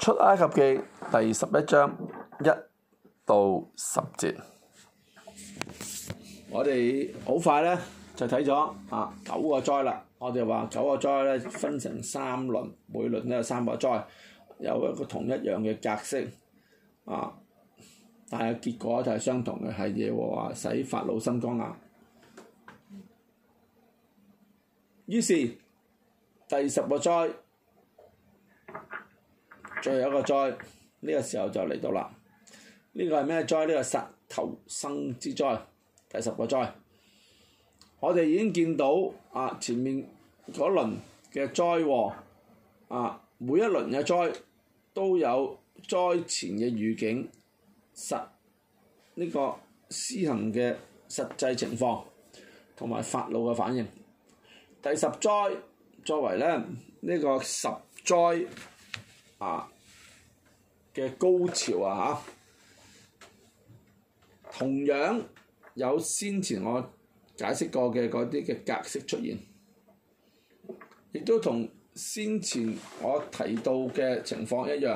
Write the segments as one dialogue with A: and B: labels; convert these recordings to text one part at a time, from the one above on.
A: 出埃及記第十一章一到十節，我哋好快咧就睇咗啊九個災啦。我哋話九個災咧分成三輪，每輪都有三個災，有一個同一樣嘅格式啊，但係結果就係相同嘅，係耶和華使法老心剛硬。於是第十個災。最後一個災，呢個時候就嚟到啦。呢個係咩災？呢個殺頭生之災，第十個災。我哋已經見到啊，前面嗰輪嘅災禍、啊，每一輪嘅災都有災前嘅預警，實呢個施行嘅實際情況，同埋法老嘅反應。第十災作為呢，呢個十災。啊嘅高潮啊嚇，同樣有先前我解釋過嘅嗰啲嘅格式出現，亦都同先前我提到嘅情況一樣，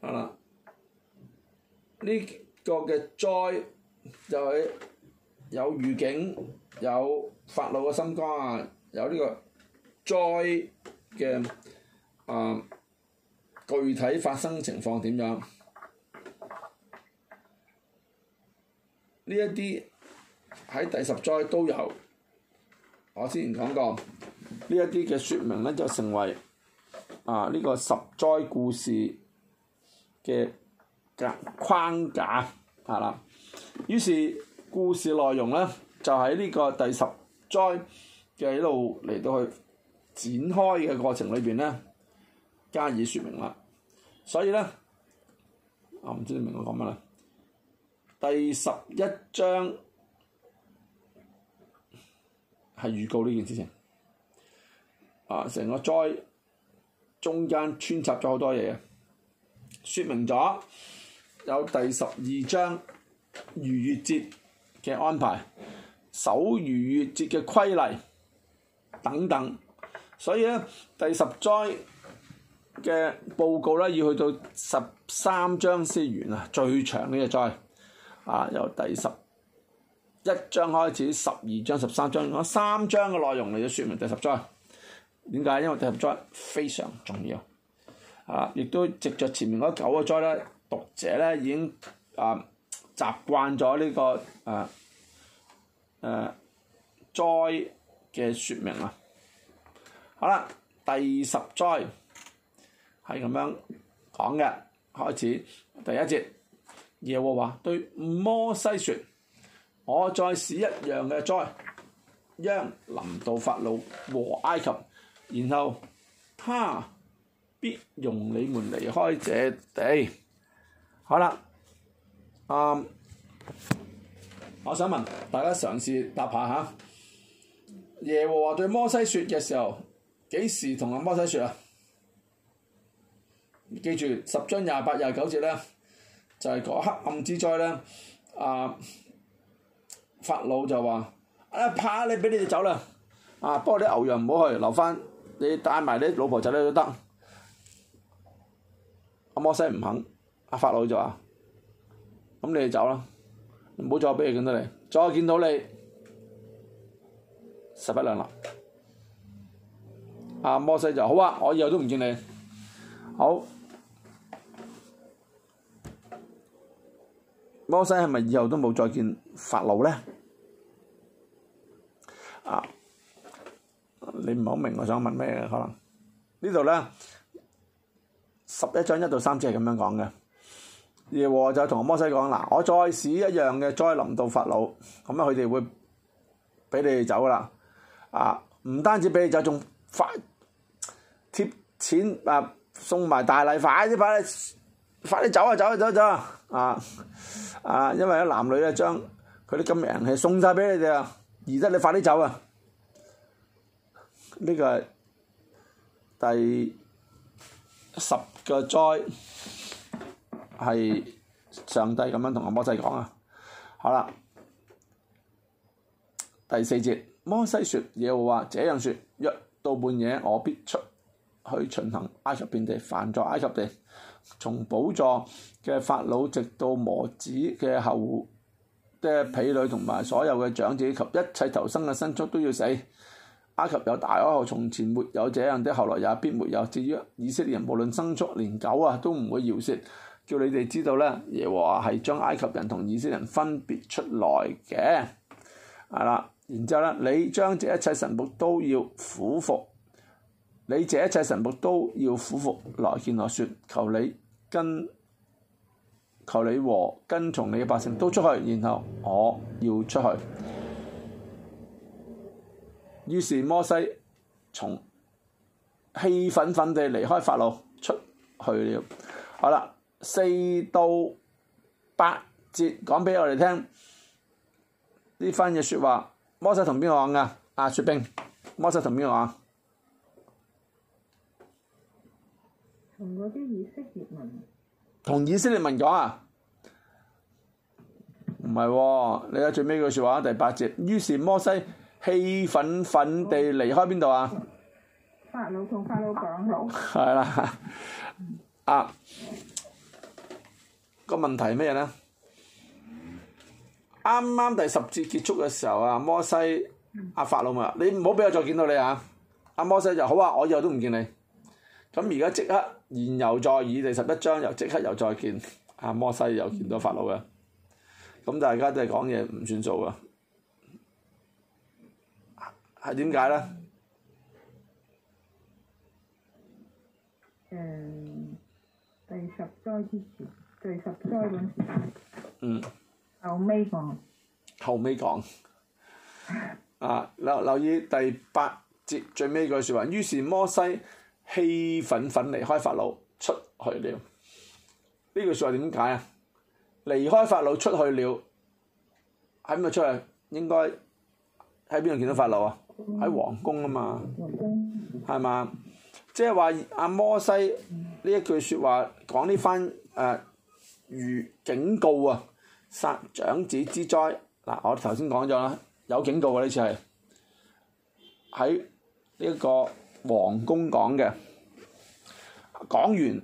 A: 啊啦，呢、這個嘅災就係有預警，有法老嘅心肝啊，有呢個災嘅啊。具體發生情況點樣？呢一啲喺第十災都有，我之前講過，呢一啲嘅説明咧就成為啊呢、這個十災故事嘅框架係啦。於是，於是故事內容咧就喺呢個第十災嘅一路嚟到去展開嘅過程裏邊咧加以説明啦。所以咧，我唔知你明我講乜啦？第十一章係預告呢件事情，啊成個災中間穿插咗好多嘢，説明咗有第十二章逾越節嘅安排、守逾越節嘅規例等等，所以咧第十災嘅報告啦，要去到十三章先完啊！最長嘅呢個災啊，由第十一章開始，十二章、十三章，講三章嘅內容嚟到説明第十災。點解？因為第十災非常重要啊！亦都藉着前面嗰九個災咧，讀者咧已經啊習慣咗呢、這個啊啊災嘅説明啊。好、啊、啦、啊，第十災。.係咁樣講嘅。開始，第一節，耶和華對摩西説：我再使一樣嘅災殃臨到法老和埃及，然後他必容你們離開這地。好啦，啊、嗯，我想問大家嘗試答下嚇，耶和華對摩西説嘅時候幾時同阿摩西説啊？記住，十章廿八廿九節咧，就係嗰黑暗之災咧。阿、啊、法老就話：啊，怕你俾你哋走啦！啊，不過啲牛羊唔好去，留翻。你帶埋啲老婆仔女都得。阿、啊、摩西唔肯，阿、啊、法老就話：咁、啊、你哋走啦，唔好再俾佢見到你，再見到你，勢不兩立。阿、啊、摩西就好啊，我以後都唔見你，好。摩西係咪以後都冇再見法老咧？啊！你唔係好明我想問咩？可能呢度咧十一章一到三節係咁樣講嘅。耶和華就同摩西講：嗱，我再使一樣嘅災再臨到法老，咁啊佢哋會俾你哋走啦。啊！唔單止俾你走，仲發貼錢啊，送埋大禮，快啲把你！快啲走啊！走啊！走啊！走啊！啊，啊因為啲男女咧，將佢啲金銀器送晒俾你哋啊，而家你快啲走啊！呢個係第十個災，係上帝咁樣同阿摩西講啊。好啦，第四節，摩西説：耶和華這樣説，若到半夜，我必出去巡行埃及遍地，犯咗埃及地。從寶座嘅法老直到磨子嘅後的，嘅婢女同埋所有嘅長子，及一切投生嘅牲畜都要死。埃及有大哀號，從前沒有這樣的，後來也必沒有。至於以色列人，無論牲畜連狗啊都唔會搖舌，叫你哋知道咧，耶和華係將埃及人同以色列人分別出來嘅，係啦。然之後咧，你將這一切臣僕都要俯伏。你這一切神僕都要俯伏來見我説，求你跟求你和跟從你嘅百姓都出去，然後我要出去。於是摩西從氣憤憤地離開法老出去了。好啦，四到八節講俾我哋聽呢番嘅説話。摩西同邊個講㗎？阿雪冰。摩西同邊個講？同嗰啲以色列民，同以色列民講啊，唔係喎！你睇最尾句説話，第八節。於是摩西氣憤憤地離開邊度啊？法老同法老講好，係啦，啊個問題係咩嘢呢？啱啱第十節結束嘅時候啊，摩西阿法老咪話：你唔好俾我再見到你啊！阿摩西就：好啊，我以後都唔見你。咁而家即刻言猶在耳，第十一章又即刻又再見，阿摩西又見到法老嘅，咁大家都係講嘢唔算數嘅，係點解咧？嗯，第十災之前，第十災嗰時，嗯，後尾講，後尾講，啊，留留意第八節最尾句説話，於是摩西。氣憤憤離開法老出去了，呢句説話點解啊？離開法老出去了，喺邊度出去？應該喺邊度見到法老啊？喺皇宮啊嘛，係嘛宮？即係話阿摩西呢一句説話講呢番誒如、呃、警告啊，殺長子之災嗱，我頭先講咗啦，有警告嘅呢次係喺呢一個。王公講嘅，講完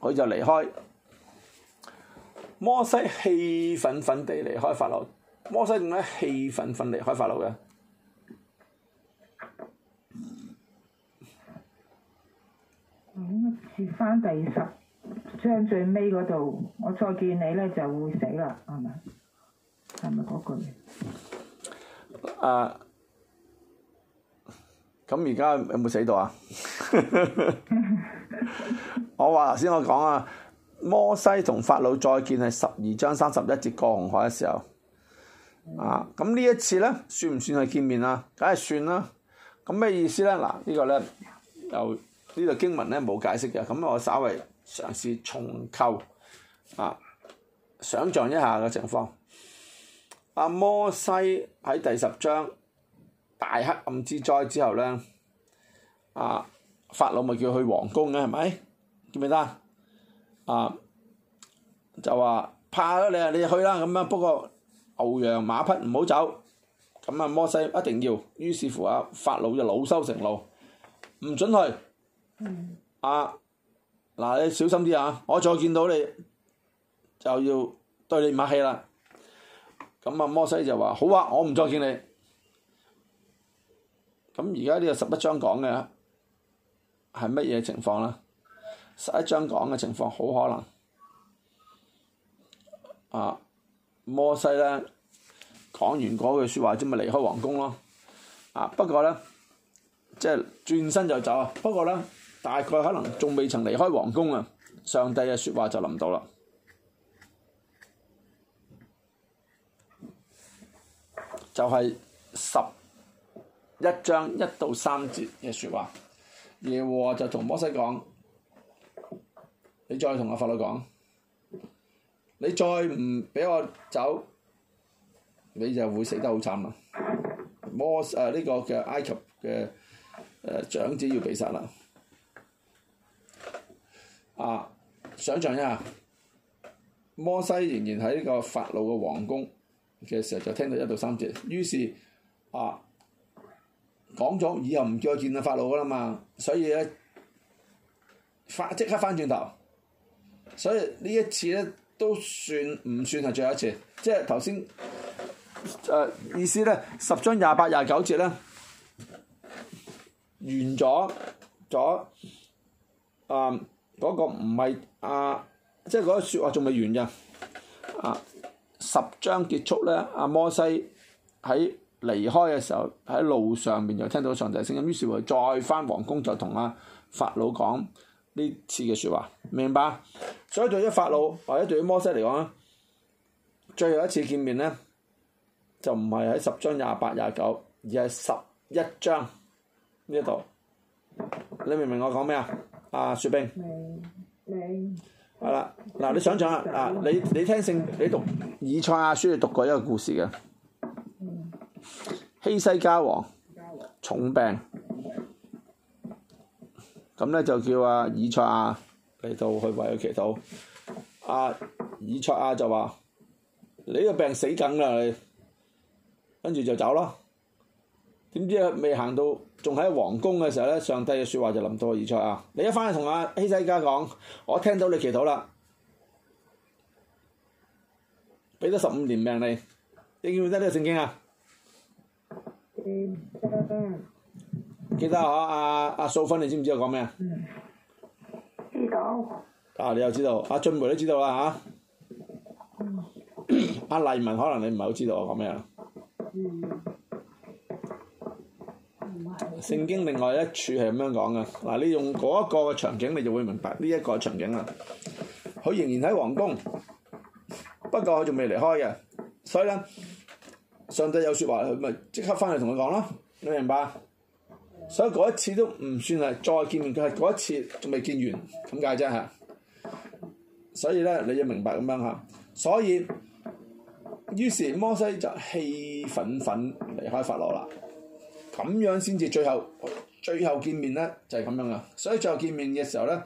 A: 佢就離開。摩西氣憤憤地離開法老。摩西點解氣憤憤離開法老嘅？應該、嗯、接翻第十章最尾嗰度，我再見你咧就會死啦，係咪？係咪嗰句？啊！咁而家有冇死到啊？ 我話頭先我講啊，摩西同法老再見係十二章三十一節過紅海嘅時候，啊，咁呢一次咧算唔算係見面啊？梗係算啦。咁咩意思咧？嗱，呢個咧由呢個經文咧冇解釋嘅，咁我稍為嘗試重構啊，想像一下嘅情況。阿、啊、摩西喺第十章。大黑暗之災之後咧，啊，法老咪叫去皇宮嘅係咪？記唔記得？啊，就話怕咗你啊，你去啦咁樣。不過牛羊馬匹唔好走，咁啊摩西一定要。於是乎啊，法老就惱羞成怒，唔準去。嗯。啊，嗱你小心啲啊！我再見到你，就要對你唔客氣啦。咁啊摩西就話：好啊，我唔再見你。咁而家呢個十一章講嘅係乜嘢情況呢？十一章講嘅情況好可能啊，摩西咧講完嗰句説話之咪離開皇宮咯。啊，不過咧，即係轉身就走啊。不過咧，大概可能仲未曾離開皇宮啊。上帝嘅説話就臨到啦，就係十一章一到三節嘅説話，耶和華就同摩西講：你再同阿法老講，你再唔俾我走，你就會死得好慘啦！摩西呢、啊這個嘅埃及嘅誒、呃、長子要被殺啦！啊，想像一下，摩西仍然喺呢個法老嘅王宮嘅時候就聽到一到三節，於是啊～講咗以後唔再見啊，法老噶啦嘛，所以咧，發即刻返轉頭，所以呢一次咧都算唔算係最後一次？即係頭先誒意思咧，十章廿八廿九節咧完咗咗啊嗰個唔係啊，即係嗰個説話仲未完咋啊、呃、十章結束咧，阿摩西喺。離開嘅時候喺路上面就聽到上帝聲音，於是佢再返皇宮就同阿法老講呢次嘅説話，明白？所以對於法老或者對於摩西嚟講最後一次見面呢，就唔係喺十章廿八廿九，29, 而係十一章呢度。你明唔明我講咩啊？阿雪冰。明，明。係啦，嗱，你想象下，啊，你你聽聖你讀以賽亞、啊、書，你讀過一個故事嘅。希西家王重病，咁咧、嗯、就叫阿以賽亞嚟到去為佢祈禱。阿、啊、以賽亞就話：你呢個病死緊喇，你跟住就走囉。點知啊未行到，仲喺皇宮嘅時候咧，上帝嘅説話就臨到阿以賽亞，你一翻去同阿、啊、希西家講，我聽到你祈禱啦，俾咗十五年命你，你記唔記得呢個聖經啊？記得我阿阿素芬，你知唔知我講咩、嗯、啊？知道。啊，你又知道，阿俊梅都知道啦吓，阿麗、 啊、文可能你唔係好知道我講咩啊？嗯。聖經另外一處係咁樣講㗎，嗱、啊，你用嗰一個嘅場景，你就會明白呢一、這個嘅場景啦。佢仍然喺皇宮，不過佢仲未離開嘅，所以咧。上帝有説話，佢咪即刻翻嚟同佢講咯。你明白？所以嗰一次都唔算係再見面，佢係嗰一次仲未見完咁解啫嚇。所以咧，你要明白咁樣嚇。所以於是摩西就氣憤憤離開法老啦。咁樣先至最後最後見面咧就係、是、咁樣噶。所以最後見面嘅時候咧，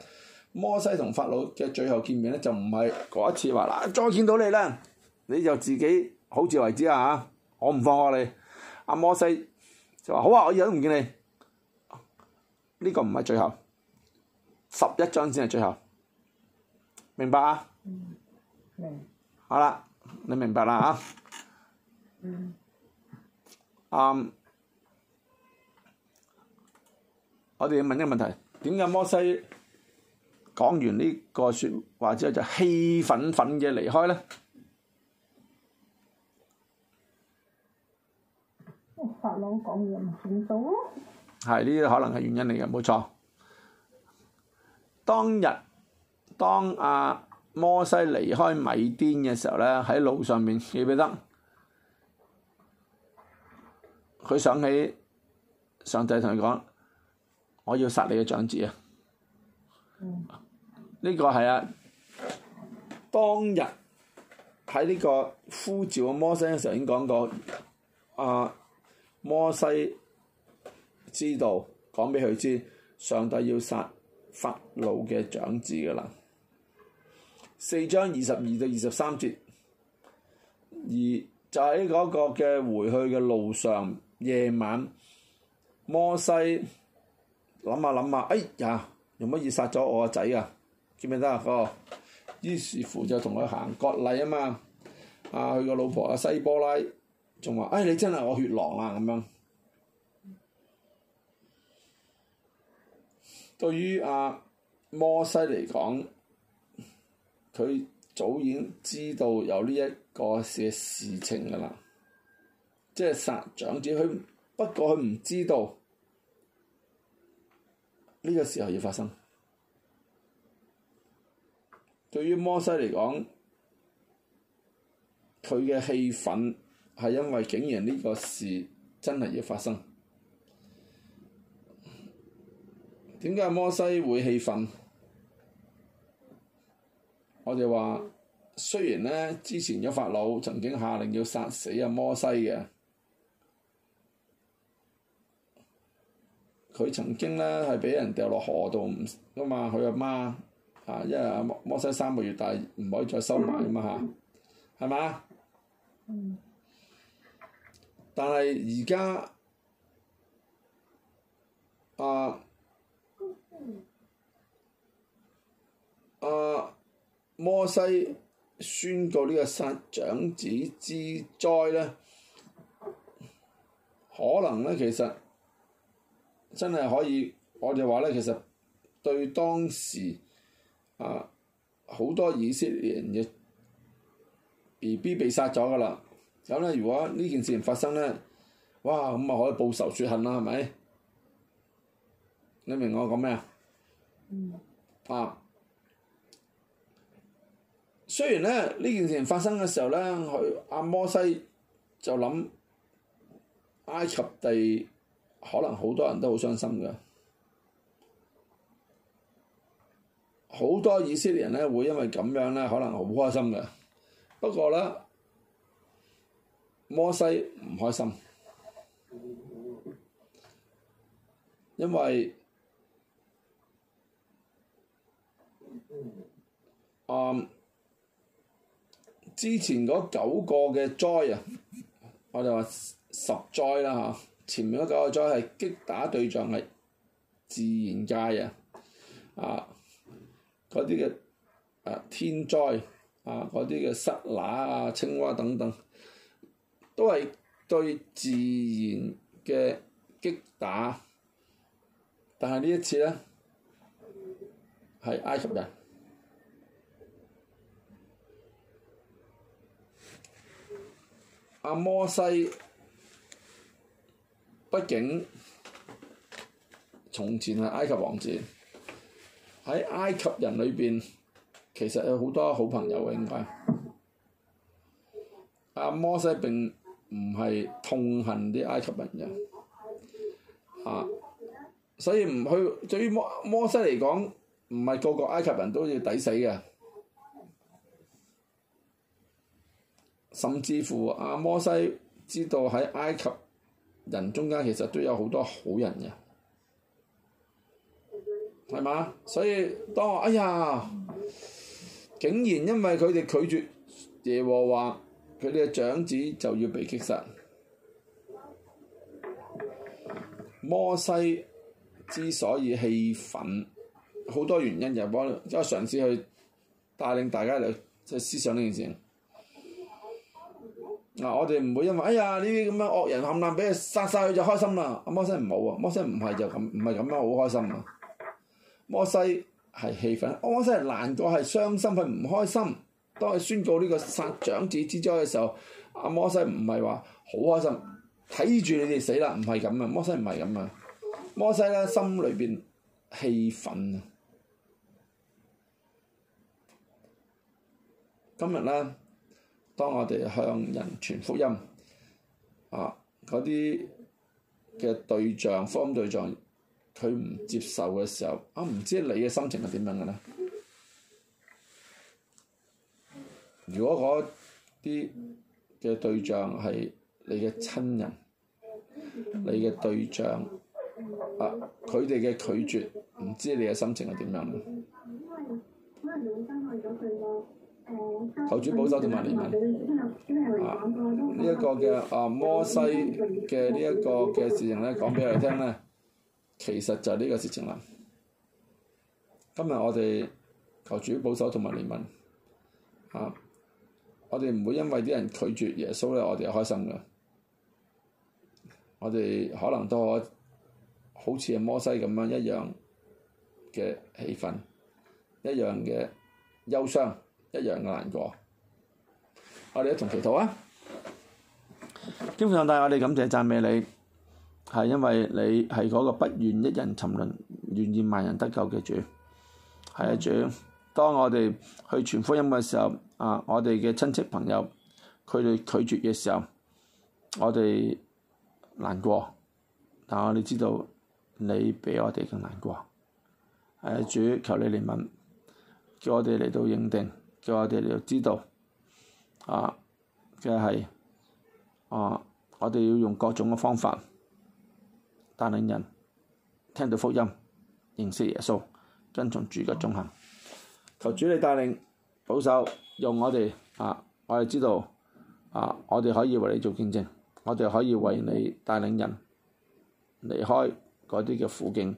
A: 摩西同法老嘅最後見面咧就唔係嗰一次話嗱再見到你啦，你就自己好自為之啦、啊、嚇。我唔放過你，阿摩西就話好啊，我以後都唔見你，呢、這個唔係最後，十一章先係最後，明白啊？嗯嗯、好啦，你明白啦啊？嗯。我哋要問一個問題，點解摩西講完呢個説話之後就氣憤憤嘅離開咧？法老講嘢唔準到咯，係呢啲可能係原因嚟嘅，冇錯。當日當阿、啊、摩西離開米甸嘅時候咧，喺路上面，記唔記得佢想起上帝同佢講：我要殺你嘅長子啊！呢、嗯、個係啊，當日喺呢個呼召阿摩西嘅時候已經講過啊。呃摩西知道講俾佢知，上帝要殺法老嘅長子噶啦。四章二十二到二十三節，而就喺嗰個嘅回去嘅路上夜晚，摩西諗下諗下，哎呀，容乜易殺咗我阿仔啊？記唔記得啊？嗰個於是乎就同佢行割禮啊嘛。啊，佢個老婆阿西波拉。仲話：誒、哎、你真係我血郎啦，啊！咁樣，對於阿、啊、摩西嚟講，佢早已經知道有呢一個嘅事情㗎啦，即係殺長子。佢不過佢唔知道呢、這個時候要發生。對於摩西嚟講，佢嘅氣憤，係因為竟然呢個事真係要發生，點解摩西會氣憤？我哋話雖然咧，之前有法老曾經下令要殺死阿摩西嘅，佢曾經咧係俾人掉落河度唔噶嘛，佢阿媽嚇，因為阿摩西三個月大，唔可以再收埋噶嘛嚇，係嘛？嗯但係而家，啊，啊摩西宣告呢個殺長子之災咧，可能咧其實真係可以，我哋話咧其實對當時啊好多以色列人嘅 BB 被殺咗㗎啦。咁咧，如果呢件事情發生咧，哇，咁啊可以報仇雪恨啦，係咪？你明我講咩啊？嗯、啊，雖然咧呢件事情發生嘅時候咧，佢阿摩西就諗埃及地可能好多人都好傷心嘅，好多以色列人咧會因為咁樣咧可能好開心嘅，不過咧。摩西唔開心，因為啊、嗯，之前嗰九個嘅災啊，我哋話十災啦嚇，前面嗰九個災係擊打對象係自然界啊，嗰啲嘅啊天災啊，嗰啲嘅塞拿啊、青蛙等等。都係對自然嘅擊打，但係呢一次呢係埃及人，阿、啊、摩西畢竟從前係埃及王子，喺埃及人裏邊其實有好多好朋友嘅應該，阿、啊、摩西並。唔係痛恨啲埃及人嘅，嚇、啊，所以唔去。對於摩摩西嚟講，唔係個個埃及人都要抵死嘅，甚至乎阿摩西知道喺埃及人中間其實都有好多好人嘅，係嘛？所以當我哎呀，竟然因為佢哋拒絕耶和華。佢哋嘅長子就要被擊殺。摩西之所以氣憤，好多原因就係我，即係嘗試去帶領大家嚟即係思想呢件事。嗱、啊，我哋唔會因為哎呀呢啲咁樣惡人冚唪唥俾佢殺晒，佢就開心啦。阿摩西唔好喎，摩西唔係就咁，唔係咁樣好開心啊。摩西係氣憤，摩西係難過，係傷心，佢唔開心。當佢宣告呢個殺長子之災嘅時候，阿摩西唔係話好開心，睇住你哋死啦，唔係咁嘅，摩西唔係咁嘅，摩西咧心裏邊氣憤啊！今日咧，當我哋向人傳福音，啊嗰啲嘅對象福音對象，佢唔接受嘅時候，啊唔知你嘅心情係點樣嘅咧？如果嗰啲嘅對象係你嘅親人，嗯、你嘅對象啊，佢哋嘅拒絕，唔知你嘅心情係點樣？嗯、求主保守同埋憐憫。呢一、嗯啊呢個嘅啊摩西嘅呢一個嘅事情咧，講俾佢哋聽咧，其實就係呢個事情啦。今日我哋求主保守同埋憐憫。啊！我哋唔會因為啲人拒絕耶穌咧，我哋開心㗎。我哋可能都好似係摩西咁樣一樣嘅氣憤，一樣嘅憂傷，一樣嘅難過。我哋一同祈禱啊！天父上帝，我哋感謝讚美你，係因為你係嗰個不願一人沉淪，願意萬人得救嘅主，係啊主！當我哋去傳福音嘅時候，啊，我哋嘅親戚朋友，佢哋拒絕嘅時候，我哋難過，但、啊、我哋知道你比我哋更難過。啊、主，求你憐憫，叫我哋嚟到認定，叫我哋嚟到知道，啊嘅係，啊，我哋要用各種嘅方法，帶領人聽到福音，認識耶穌，跟從主嘅蹤行。求主你帶領保守用我哋啊，我哋知道啊，我哋可以為你做見證，我哋可以為你帶領人離開啲嘅苦境，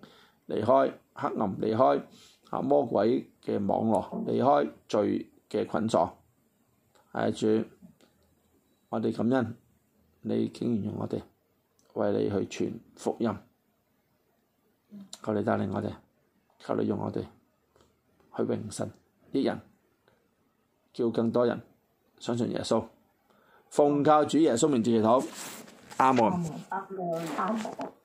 A: 離開黑暗，離開啊魔鬼嘅網絡，離開罪嘅捆綁。哎、啊，主，我哋感恩，你竟然用我哋為你去傳福音，求你帶領我哋，求你用我哋。去榮神益人，叫更多人相信耶穌。奉靠主耶穌名字祈禱，阿門。阿門。阿